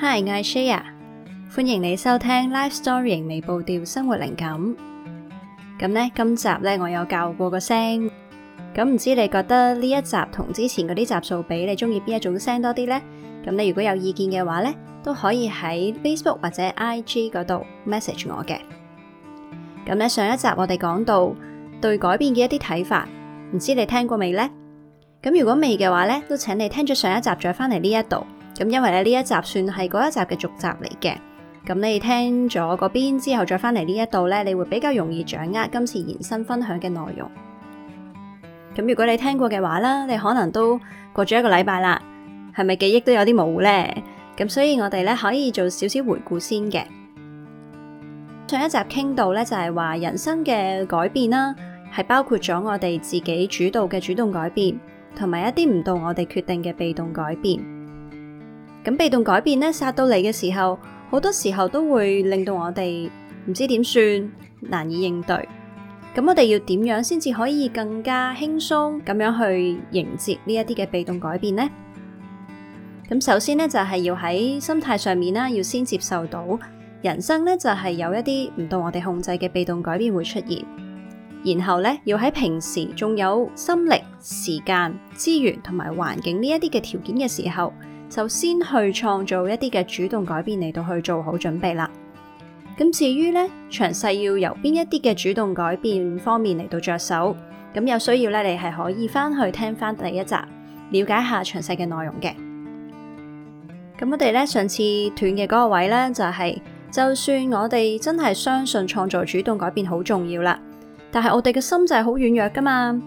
Hi，我係 Shaya，歡迎你收聽 Life Story 微步調生活靈感。咁呢，今集呢，我有教過個聲，咁唔知你覺得呢一集同之前嗰啲集數比，你中意邊一種聲多啲呢？咁你如果有意見嘅話呢，都可以喺 Facebook 或者 IG 嗰度 message 我嘅。咁咧，上一集我哋講到對改變嘅一啲睇法，唔知你聽過未呢？咁如果未嘅話呢，都請你聽咗上一集再翻嚟呢一度。咁因為咧呢一集算係嗰一集嘅續集嚟嘅，咁你聽咗嗰邊之後再翻嚟呢一度咧，你會比較容易掌握今次延伸分享嘅內容。咁如果你聽過嘅話啦，你可能都過咗一個禮拜啦，係咪記憶都有啲模糊咧？咁所以我哋咧可以做少少回顧先嘅。上一集傾到咧就係話人生嘅改變啦，係包括咗我哋自己主導嘅主動改變，同埋一啲唔到我哋決定嘅被動改變。咁被動改變咧，殺到嚟嘅時候，好多時候都會令到我哋唔知點算，難以應對。咁我哋要點樣先至可以更加輕鬆咁樣去迎接呢一啲嘅被動改變呢？咁首先咧就係要喺心態上面啦，要先接受到人生咧就係有一啲唔到我哋控制嘅被動改變會出現。然後咧要喺平時仲有心力、時間、資源同埋環境呢一啲嘅條件嘅時候。就先去創造一啲嘅主動改變嚟到去做好準備啦。咁至於呢，詳細要由邊一啲嘅主動改變方面嚟到着手，咁有需要咧，你係可以翻去聽翻第一集，了解下詳細嘅內容嘅。咁我哋咧，上次斷嘅嗰個位呢，就是，就係就算我哋真係相信創造主動改變好重要啦，但係我哋嘅心就係好軟弱噶嘛。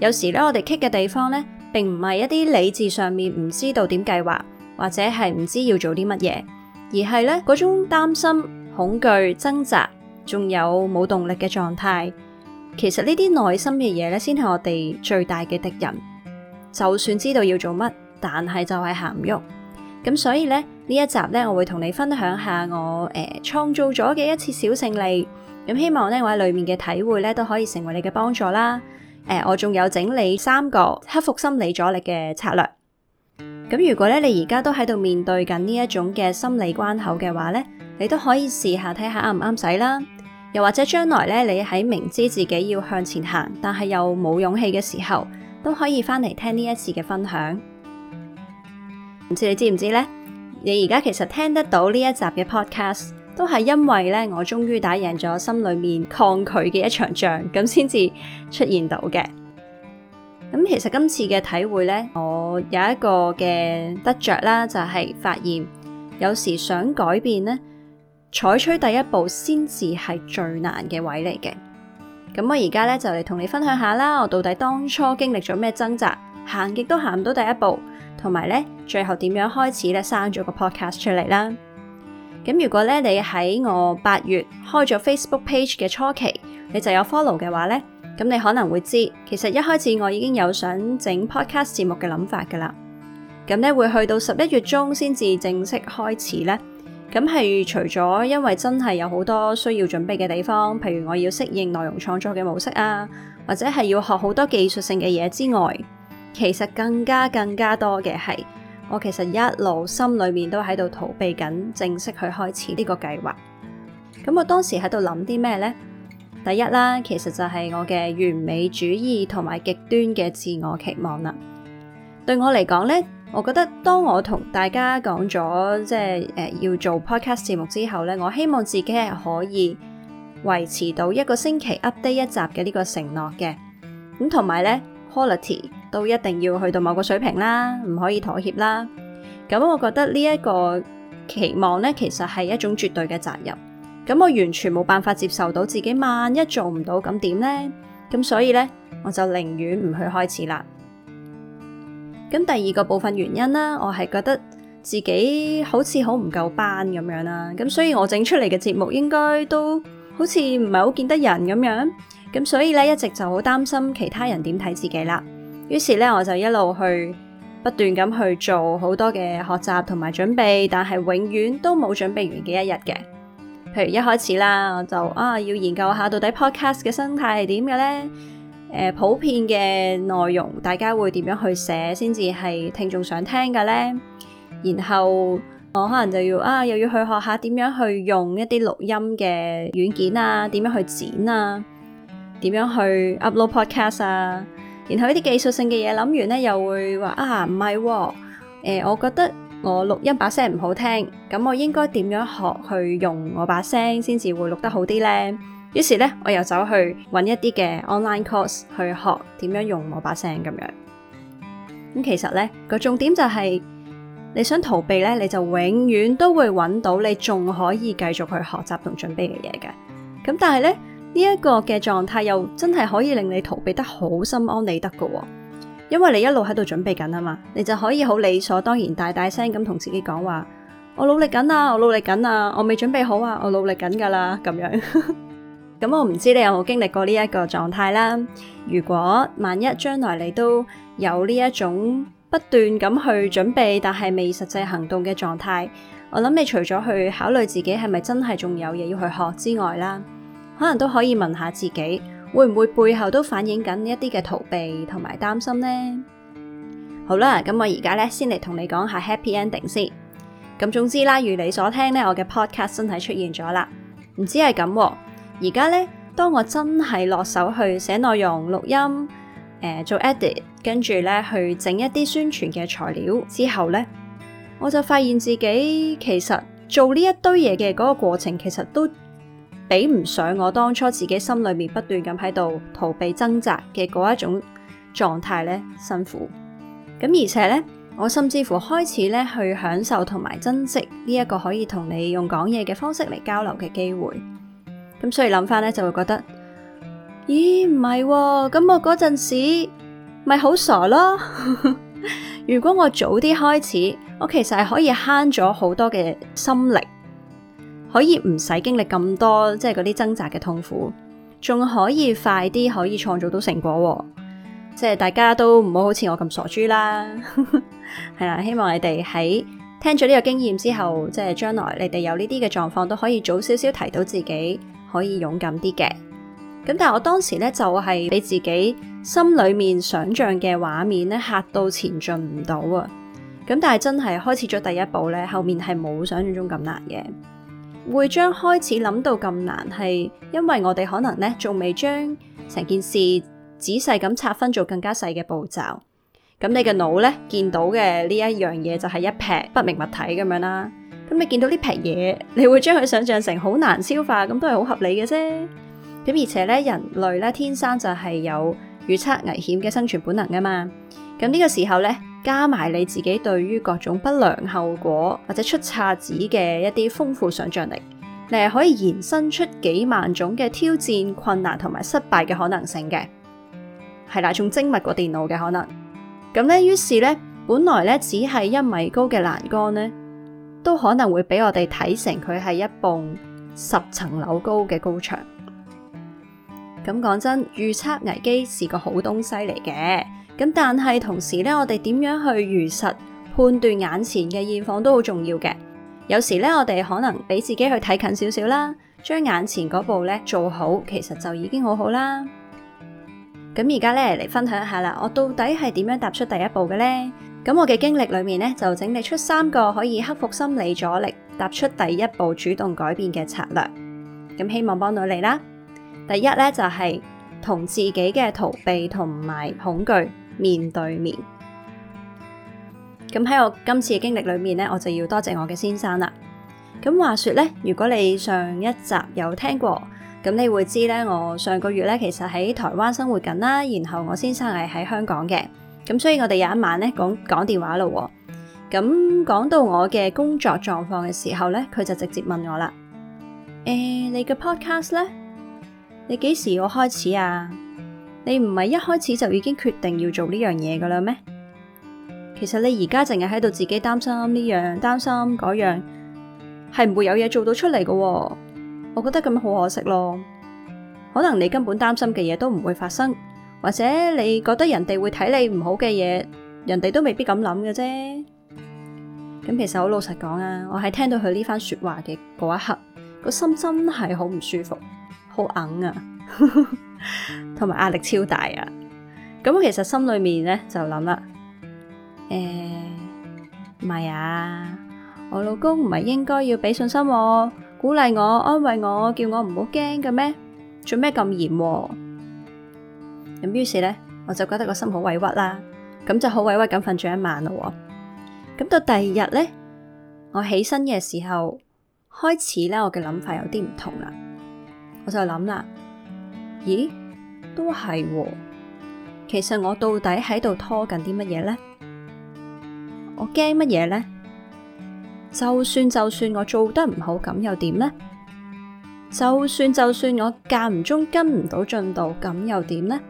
有時咧，我哋棘嘅地方呢，並唔係一啲理智上面唔知道點計劃。或者係唔知要做啲乜嘢，而係呢嗰種擔心、恐懼、掙扎，仲有冇動力嘅狀態。其實呢啲內心嘅嘢呢，先係我哋最大嘅敵人。就算知道要做乜，但係就係行唔喐。咁所以呢，呢一集呢，我會同你分享下我誒創造咗嘅一次小勝利。咁希望呢我喺裏面嘅體會呢，都可以成為你嘅幫助啦。呃、我仲有整理三個克服心理阻力嘅策略。咁如果咧，你而家都喺度面對緊呢一種嘅心理關口嘅話咧，你都可以試下睇下啱唔啱使啦。又或者將來咧，你喺明知自己要向前行，但係又冇勇氣嘅時候，都可以翻嚟聽呢一次嘅分享。唔知你知唔知咧？你而家其實聽得到呢一集嘅 podcast，都係因為咧，我終於打贏咗心裏面抗拒嘅一場仗，咁先至出現到嘅。咁其實今次嘅體會呢，我有一個嘅得着啦，就係發現有時想改變呢，採取第一步先至係最難嘅位嚟嘅。咁我而家呢，就嚟同你分享下啦，我到底當初經歷咗咩掙扎，行極都行唔到第一步，同埋呢最後點樣開始咧生咗個 podcast 出嚟啦。咁如果咧，你喺我八月開咗 Facebook page 嘅初期，你就有 follow 嘅話呢。咁你可能會知，其實一開始我已經有想整 Podcast 節目嘅諗法㗎喇。咁咧會去到十一月中先至正式開始呢？咁係除咗因為真係有好多需要準備嘅地方，譬如我要適應內容創作嘅模式啊，或者係要學好多技術性嘅嘢之外，其實更加更加多嘅係，我其實一路心裏面都喺度逃避緊正式去開始呢個計劃。咁我當時喺度諗啲咩呢？第一啦，其實就係我嘅完美主義同埋極端嘅自我期望啦。對我嚟講呢我覺得當我同大家講咗即係、呃、要做 podcast 節目之後呢我希望自己係可以維持到一個星期 update 一集嘅呢個承諾嘅。咁同埋呢 q u a l i t y 都一定要去到某個水平啦，唔可以妥協啦。咁我覺得呢一個期望呢，其實係一種絕對嘅責任。咁我完全冇辦法接受到自己，萬一做唔到咁點呢？咁所以咧，我就寧願唔去開始啦。咁第二個部分原因啦，我係覺得自己好似好唔夠班咁樣啦。咁所以我整出嚟嘅節目應該都好似唔係好見得人咁樣。咁所以咧，一直就好擔心其他人點睇自己啦。於是咧，我就一路去不斷咁去做好多嘅學習同埋準備，但係永遠都冇準備完嘅一日嘅。譬如一開始啦，我就啊要研究下到底 podcast 嘅生態係點嘅咧？誒、呃、普遍嘅內容，大家會點樣去寫先至係聽眾想聽嘅咧？然後我可能就要啊，又要去學下點樣去用一啲錄音嘅軟件啊，點樣去剪啊，點樣去 upload podcast 啊？然後呢啲技術性嘅嘢諗完咧，又會話啊唔係喎，誒我覺得。我錄音把聲唔好聽，咁我應該點樣學去用我把聲先至會錄得好啲呢？於是咧，我又走去揾一啲嘅 online course 去學點樣用我把聲咁樣。咁、嗯、其實呢個重點就係、是、你想逃避呢，你就永遠都會揾到你仲可以繼續去學習同準備嘅嘢嘅。咁但係呢、呢、這、一個嘅狀態又真係可以令你逃避得好心安理得㗎、哦。因為你一路喺度準備緊啊嘛，你就可以好理所當然大大聲咁同自己講話：我努力緊啊，我努力緊啊，我未準備好啊，我努力緊㗎喇咁樣。咁我唔知你有冇經歷過呢一個狀態啦。如果萬一將來你都有呢一種不斷咁去準備，但係未實際行動嘅狀態，我諗你除咗去考慮自己係咪真係仲有嘢要去學之外啦，可能都可以問下自己。會唔會背後都反映緊一啲嘅逃避同埋擔心呢？好啦，咁我而家咧先嚟同你講下 Happy Ending 先。咁總之啦，如你所聽咧，我嘅 Podcast 真係出現咗啦，唔知係咁。而家咧，當我真係落手去寫內容、錄音、誒、呃、做 Edit，跟住咧去整一啲宣傳嘅材料之後咧，我就發現自己其實做呢一堆嘢嘅嗰個過程，其實都。比唔上我當初自己心裏面不斷咁喺度逃避掙扎嘅嗰一種狀態咧，辛苦。咁而且咧，我甚至乎開始咧去享受同埋珍惜呢一個可以同你用講嘢嘅方式嚟交流嘅機會。咁所以諗翻咧，就會覺得，咦唔係，咁、哦、我嗰陣時咪好傻咯。 如果我早啲開始，我其實係可以慳咗好多嘅心力。可以唔使經歷咁多，即係嗰啲掙扎嘅痛苦，仲可以快啲可以創造到成果，哦，即係大家都唔好好似我咁傻豬啦。係 啦，希望你哋喺聽咗呢個經驗之後，即係將來你哋有呢啲嘅狀況，都可以早少少提到自己可以勇敢啲嘅。咁但係我當時咧就係、是、俾自己心裏面想象嘅畫面咧嚇到前進唔到啊。咁但係真係開始咗第一步咧，後面係冇想象中咁難嘅。會將開始諗到咁難，係因為我哋可能咧仲未將成件事仔細咁拆分做更加細嘅步驟。咁你嘅腦咧見到嘅呢一樣嘢就係一嚿不明物體咁樣啦。咁你見到呢嚿嘢，你會將佢想象成好難消化，咁都係好合理嘅啫。咁而且咧，人類咧天生就係有。預測危險嘅生存本能啊嘛，咁呢個時候咧，加埋你自己對於各種不良後果或者出岔子嘅一啲豐富想象力，你係可以延伸出幾萬種嘅挑戰、困難同埋失敗嘅可能性嘅，係啦，仲精密過電腦嘅可能，咁咧，於是咧，本來咧只係一米高嘅欄杆咧，都可能會俾我哋睇成佢係一棟十層樓高嘅高牆。咁講真，預測危機是個好東西嚟嘅。咁但係同時咧，我哋點樣去如實判斷眼前嘅現況都好重要嘅。有時咧，我哋可能俾自己去睇近少少啦，將眼前嗰步咧做好，其實就已經好好啦。咁而家咧嚟分享下啦，我到底係點樣踏出第一步嘅咧？咁我嘅經歷裏面咧，就整理出三個可以克服心理阻力、踏出第一步主動改變嘅策略。咁希望幫到你啦。第一咧就係、是、同自己嘅逃避同埋恐懼面對面。咁喺我今次嘅經歷裏面咧，我就要多謝我嘅先生啦。咁話說咧，如果你上一集有聽過，咁你會知咧，我上個月咧其實喺台灣生活緊啦。然後我先生係喺香港嘅，咁所以我哋有一晚咧講講電話咯。咁講到我嘅工作狀況嘅時候咧，佢就直接問我啦：誒、eh，你嘅 podcast 咧？你幾時要開始啊？你唔係一開始就已經決定要做呢樣嘢嘅啦咩？其實你而家淨係喺度自己擔心呢樣，擔心嗰樣，係唔會有嘢做到出嚟嘅喎。我覺得咁好可惜咯。可能你根本擔心嘅嘢都唔會發生，或者你覺得人哋會睇你唔好嘅嘢，人哋都未必咁諗嘅啫。咁其實好老實講啊，我喺聽到佢呢番說話嘅嗰一刻，個心真係好唔舒服。好硬啊，同埋壓力超大啊！咁我其實心裏面咧就諗啦，誒，唔係啊，我老公唔係應該要俾信心我，鼓勵我，安慰我，叫我唔好驚嘅咩？做咩咁嚴？咁於是咧，我就覺得個心好委屈啦，咁就好委屈咁瞓住一晚咯。咁到第二日咧，我起身嘅時候，開始咧我嘅諗法有啲唔同啦。我就諗啦，咦，都係哦，其實我到底喺度拖緊啲乜嘢呢？我驚乜嘢呢？就算就算我做得唔好，咁又點呢？就算就算我間唔中跟唔到進度，咁又點呢？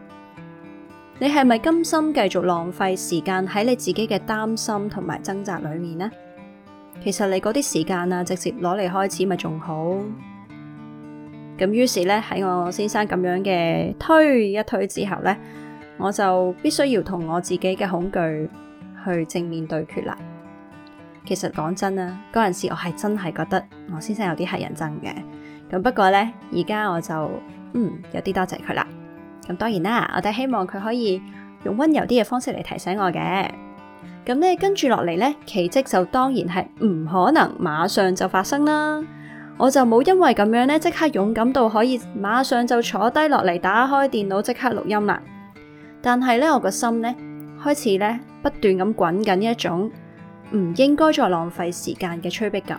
你係咪甘心繼續浪費時間喺你自己嘅擔心同埋掙扎裏面呢？其實你嗰啲時間啊，直接攞嚟開始咪仲好？咁於是咧，喺我先生咁樣嘅推一推之後咧，我就必須要同我自己嘅恐懼去正面對決啦。其實講真吖，嗰陣時我係真係覺得我先生有啲乞人憎嘅。咁不過咧，而家我就嗯有啲多謝佢啦。咁當然啦，我哋希望佢可以用溫柔啲嘅方式嚟提醒我嘅。咁咧跟住落嚟咧，奇蹟就當然係唔可能馬上就發生啦。我就冇因為咁樣咧，即刻勇敢到可以馬上就坐低落嚟打開電腦即刻錄音啦。但係咧，我個心咧開始咧不斷咁滾緊一種唔應該再浪費時間嘅催迫感。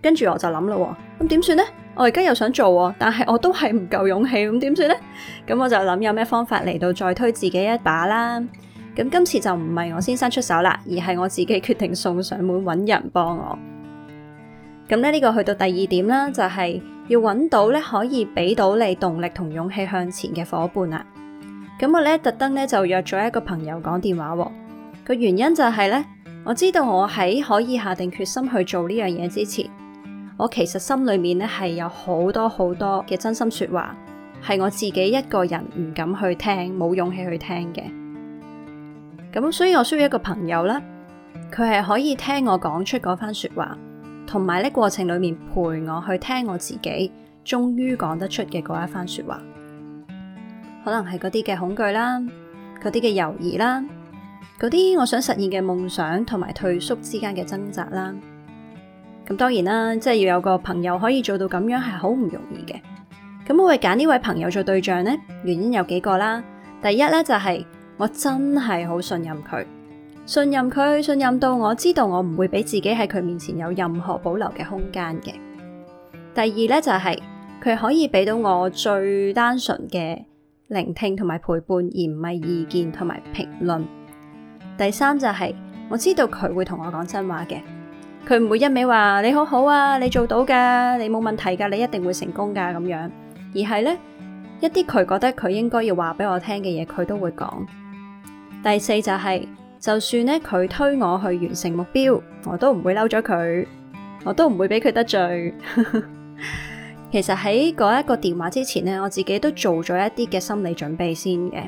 跟住我就諗咯，咁點算呢？我而家又想做，但係我都係唔夠勇氣，咁點算呢？咁我就諗有咩方法嚟到再推自己一把啦。咁今次就唔係我先生出手啦，而係我自己決定送上門揾人幫我。咁咧，呢個去到第二點啦，就係要揾到咧，可以俾到你動力同勇氣向前嘅伙伴啦。咁我咧特登咧就約咗一個朋友講電話個原因就係咧，我知道我喺可以下定決心去做呢樣嘢之前，我其實心裏面咧係有好多好多嘅真心說話，係我自己一個人唔敢去聽，冇勇氣去聽嘅。咁所以我需要一個朋友啦，佢係可以聽我講出嗰番說話。同埋呢過程裏面陪我去聽我自己，終於講得出嘅嗰一番說話，可能係嗰啲嘅恐懼啦，嗰啲嘅猶豫啦，嗰啲我想實現嘅夢想同埋退縮之間嘅掙扎啦。咁當然啦，即係要有個朋友可以做到咁樣係好唔容易嘅。咁我會揀呢位朋友做對象呢？原因有幾個啦。第一呢，就係、是、我真係好信任佢。信任佢，信任到我知道我唔會俾自己喺佢面前有任何保留嘅空間嘅。第二咧就係佢可以俾到我最單純嘅聆聽同埋陪伴，而唔係意見同埋評論。第三就係我知道佢會同我講真話嘅，佢唔會一味話你好好啊，你做到噶，你冇問題噶，你一定會成功噶咁樣，而係咧一啲佢覺得佢應該要話俾我聽嘅嘢，佢都會講。第四就係。就算咧佢推我去完成目標，我都唔會嬲咗佢，我都唔會俾佢得罪。 其實喺嗰一個電話之前咧，我自己都做咗一啲嘅心理準備先嘅。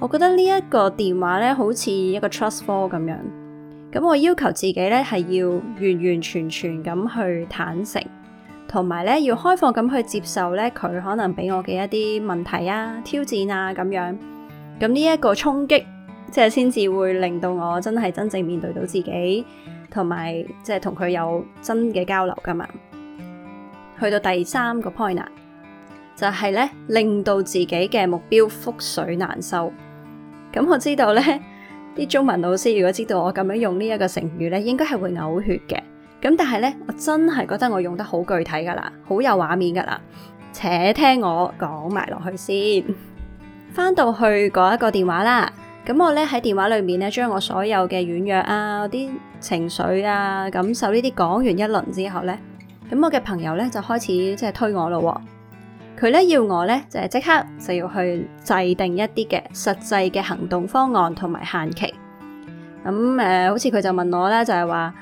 我覺得呢一個電話咧，好似一個 trust fall 咁樣。咁我要求自己咧係要完完全全咁去坦誠，同埋咧要開放咁去接受咧佢可能俾我嘅一啲問題啊、挑戰啊咁樣。咁呢一個衝擊。即係先至會令到我真係真正面對到自己，同埋即係同佢有真嘅交流噶嘛。去到第三個 point，就係咧，令到自己嘅目標覆水難收。咁我知道咧，啲中文老師如果知道我咁樣用呢一個成語咧，應該係會嘔血嘅。咁但係咧，我真係覺得我用得好具體噶啦，好有畫面噶啦。且聽我講埋落去先。翻到去嗰一個電話啦。咁我咧喺電話裏面咧，將我所有嘅軟弱啊、啲情緒啊、感受呢啲講完一輪之後咧，咁我嘅朋友咧就開始即係推我咯、哦，佢咧要我咧就係即刻就要去制定一啲嘅實際嘅行動方案同埋限期。咁誒、呃，好似佢就問我咧，就係、是、話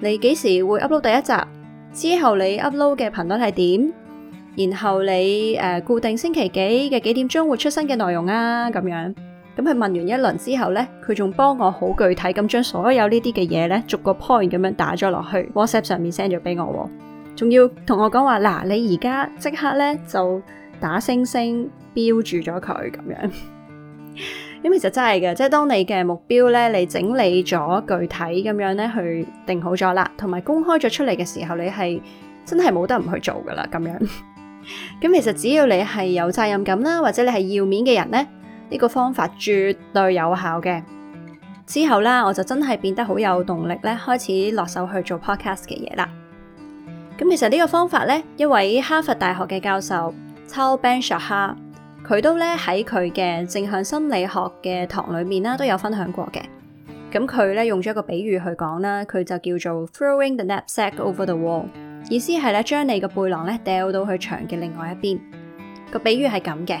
你幾時會 upload 第一集？之後你 upload 嘅頻率係點？然後你誒、呃、固定星期幾嘅幾點鐘會出新嘅內容啊？咁樣。咁佢問完一輪之後呢，佢仲幫我好具體咁將所有呢啲嘅嘢呢逐個 point 咁樣打咗落去 WhatsApp 上面 send 咗俾我，仲要同我講話嗱，你而家即刻呢就打星星標注咗佢咁樣。咁 其實真係嘅，即係當你嘅目標呢，你整理咗具體咁樣呢去定好咗啦，同埋公開咗出嚟嘅時候，你係真係冇得唔去做噶啦，咁樣。咁 其實只要你係有責任感啦，或者你係要面嘅人呢。呢個方法絕對有效嘅。之後啦，我就真係變得好有動力咧，開始落手去做 Podcast 嘅嘢啦。咁其實呢個方法呢，一位哈佛大學嘅教授 Tal Ben-Shahar，佢都咧喺佢嘅正向心理學嘅堂裏面啦，都有分享過嘅。咁佢咧用咗一個比喻去講啦，佢就叫做 throwing the knapsack over the wall，意思係咧將你個背囊咧掉到去牆嘅另外一邊。個比喻係咁嘅。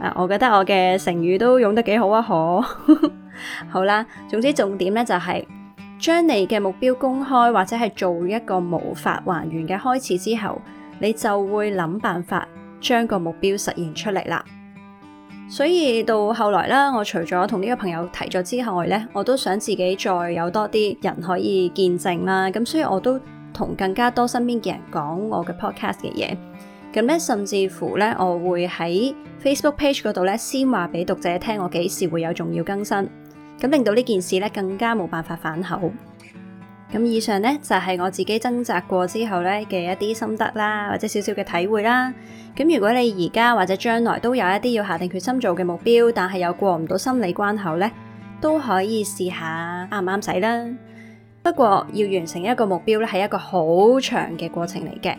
誒，我覺得我嘅成語都用得幾好啊，可 好啦。總之重點咧就係、是、將你嘅目標公開或者係做一個無法還原嘅開始之後，你就會諗辦法將個目標實現出嚟啦。所以到後來啦，我除咗同呢個朋友提咗之後咧，我都想自己再有多啲人可以見證啦。咁所以我都同更加多身邊嘅人講我嘅 podcast 嘅嘢。咁咧，甚至乎咧，我會喺 Facebook page 嗰度咧，先話俾讀者聽我幾時會有重要更新，咁令到呢件事咧更加冇辦法反口。咁以上咧就係我自己掙扎過之後咧嘅一啲心得啦，或者少少嘅體會啦。咁如果你而家或者將來都有一啲要下定決心做嘅目標，但係又過唔到心理關口咧，都可以試下啱唔啱使啦。不過要完成一個目標咧，係一個好長嘅過程嚟嘅。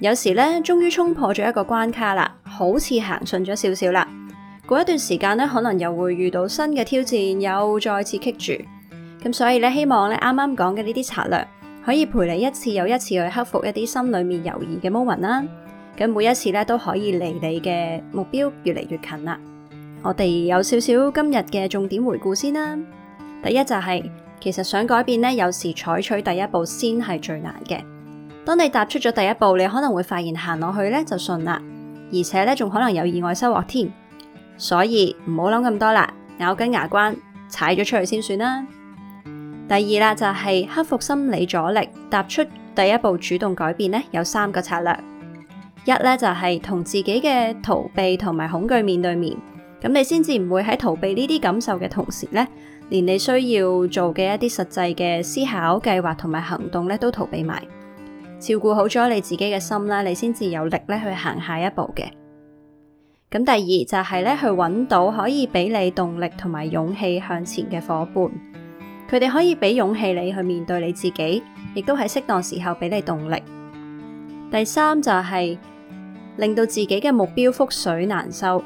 有時咧，終於衝破咗一個關卡啦，好似行順咗少少啦。過一段時間咧，可能又會遇到新嘅挑戰，又再次棘住。咁所以咧，希望咧啱啱講嘅呢啲策略，可以陪你一次又一次去克服一啲心裏面猶豫嘅 moment 啦。咁每一次咧都可以離你嘅目標越嚟越近啦。我哋有少少今日嘅重點回顧先啦。第一就係，其實想改變咧，有時採取第一步先係最難嘅。當你踏出咗第一步，你可能會發現行落去咧就順啦，而且咧仲可能有意外收穫添。所以唔好諗咁多啦，咬緊牙關踩咗出去先算啦。第二啦，就係克服心理阻力，踏出第一步，主動改變咧有三個策略。一咧就係同自己嘅逃避同埋恐懼面對面，咁你先至唔會喺逃避呢啲感受嘅同時咧，連你需要做嘅一啲實際嘅思考、計劃同埋行動咧都逃避埋。照顧好咗你自己嘅心啦，你先至有力咧去行下一步嘅。咁第二就係咧去揾到可以俾你動力同埋勇氣向前嘅夥伴，佢哋可以俾勇氣你去面對你自己，亦都喺適當時候俾你動力。第三就係令到自己嘅目標覆水難收，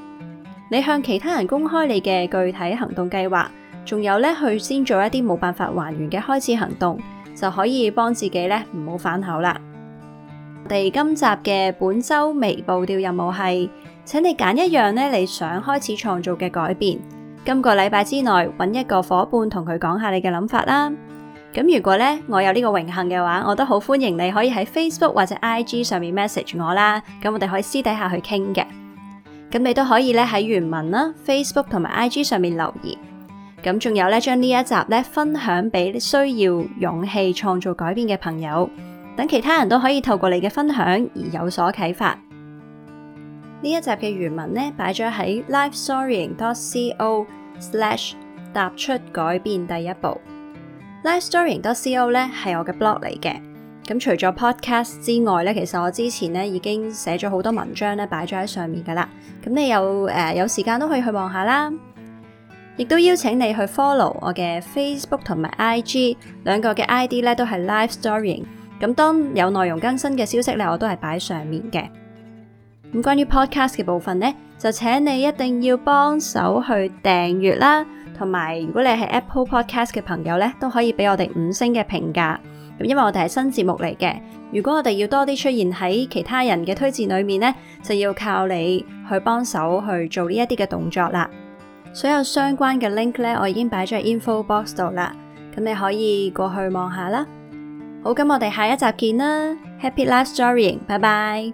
你向其他人公開你嘅具體行動計劃，仲有咧去先做一啲冇辦法還原嘅開始行動。就可以幫自己咧唔好反口啦。我哋今集嘅本周微步調任務係，請你揀一樣咧你想開始創造嘅改變。今個禮拜之內，揾一個伙伴同佢講下你嘅諗法啦。咁如果咧我有呢個榮幸嘅話，我都好歡迎你可以喺 Facebook 或者 IG 上面 message 我啦。咁我哋可以私底下去傾嘅。咁你都可以咧喺原文啦、Facebook 同埋 IG 上面留言。咁仲有咧，將呢一集咧分享俾需要勇氣創造改變嘅朋友，等其他人都可以透過你嘅分享而有所啟發。呢一集嘅原文咧擺咗喺 LifeStoring.co slash 踏出改變第一步。LifeStoring.co 咧係我嘅 blog 嚟嘅。咁除咗 podcast 之外咧，其實我之前咧已經寫咗好多文章咧擺咗喺上面噶啦。咁你有誒、呃、有時間都可以去望下啦。亦都邀請你去 follow 我嘅 Facebook 同埋 IG 兩個嘅 ID 咧，都係 Live Storying。咁當有內容更新嘅消息咧，我都係擺上面嘅。咁關於 Podcast 嘅部分咧，就請你一定要幫手去訂閱啦，同埋如果你係 Apple Podcast 嘅朋友咧，都可以俾我哋五星嘅評價。咁因為我哋係新節目嚟嘅，如果我哋要多啲出現喺其他人嘅推薦裏面咧，就要靠你去幫手去做呢一啲嘅動作啦。所有相關嘅 link 咧，我已經擺咗喺 info box 度啦，咁你可以過去望下啦。好，咁我哋下一集見啦，Happy Life Storying，拜拜。